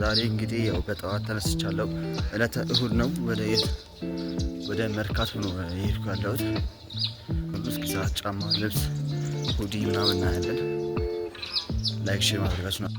ዛሬ እንግዲህ ያው በጠዋት ተነስቻለሁ። እለተ እሁድ ነው። ወደ የት ወደ መርካቶ ነው የሄድኩ ያለሁት። እስኪ ሰዓት ጫማ፣ ልብስ፣ ሁዲ ምናምን እናያለን። ላይክ ሼር ማድረጋችሁ ነው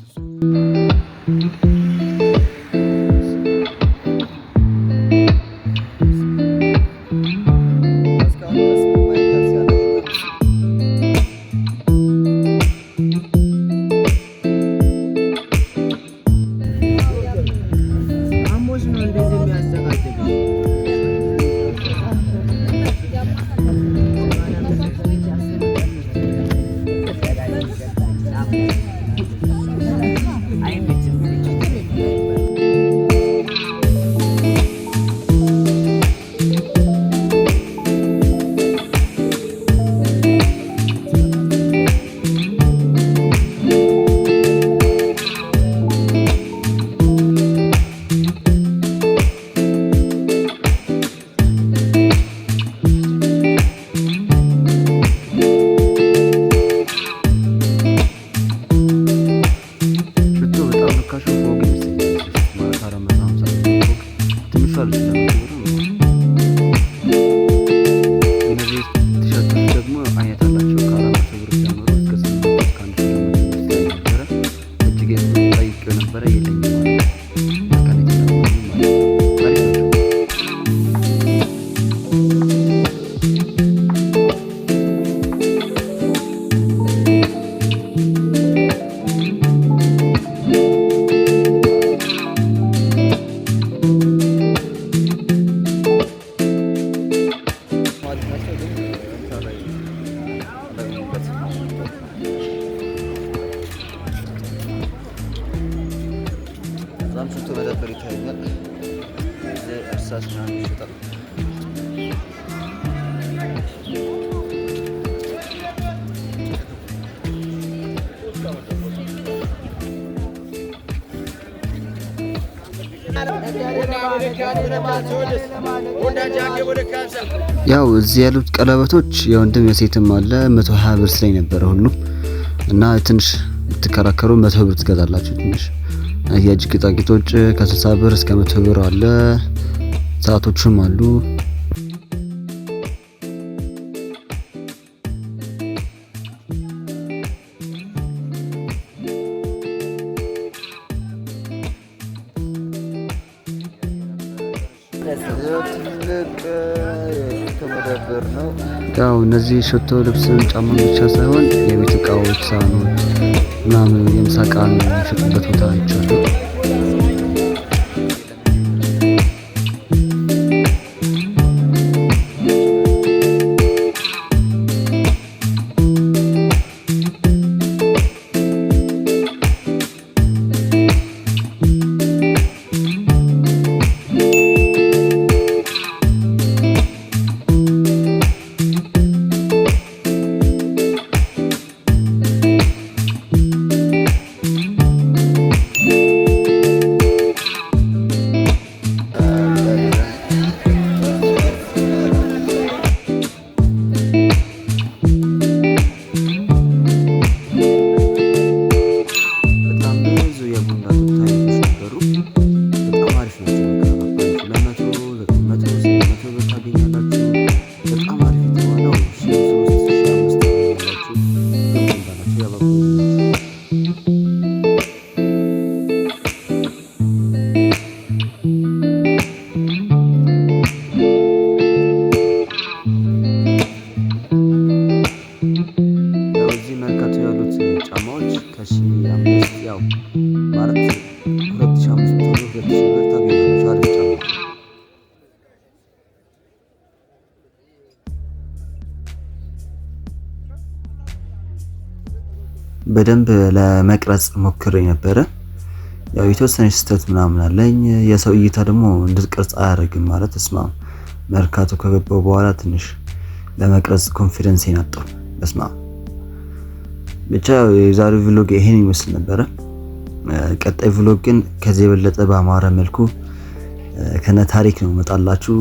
በጣም ሽቶ መደብር ይታየኛል። እዚህ እርሳስ ምናምን ይሸጣል። ያው እዚህ ያሉት ቀለበቶች የወንድም የሴትም አለ። መቶ ሀያ ብር ስለኝ ነበረ ሁሉም እና ትንሽ ብትከራከሩ መቶ ብር ትገዛላችሁ ትንሽ የእጅ ጌጣጌጦች ከ60 ብር እስከ 100 ብር አለ። ሰዓቶችም አሉ። ያው እነዚህ ሽቶ፣ ልብስን፣ ጫማ ብቻ ሳይሆን የቤት እቃዎች፣ ሳህኖች ምናምን የምሳቃን ዕቃ የሚሸጡበት ቦታ አይቻለሁ። ጫማዎች ከሺ አምስት ያው ማለት ሁለት ሺ አምስት መቶ ሁለት ሺ ብር ታገኛለች አሪፍ ጫማ በደንብ ለመቅረጽ ሞክሬ ነበረ። ያው የተወሰነች ስህተት ምናምን አለኝ። የሰው እይታ ደግሞ እንድትቀርጽ አያደርግም ማለት እስማ መርካቶ ከገባው በኋላ ትንሽ ለመቅረጽ ኮንፊደንስ ይናጠው በስማ ብቻ የዛሬው ቪሎግ ይሄን ይመስል ነበረ። ቀጣይ ቪሎግ ግን ከዚህ የበለጠ በአማረ መልኩ ከነ ታሪክ ነው መጣላችሁ።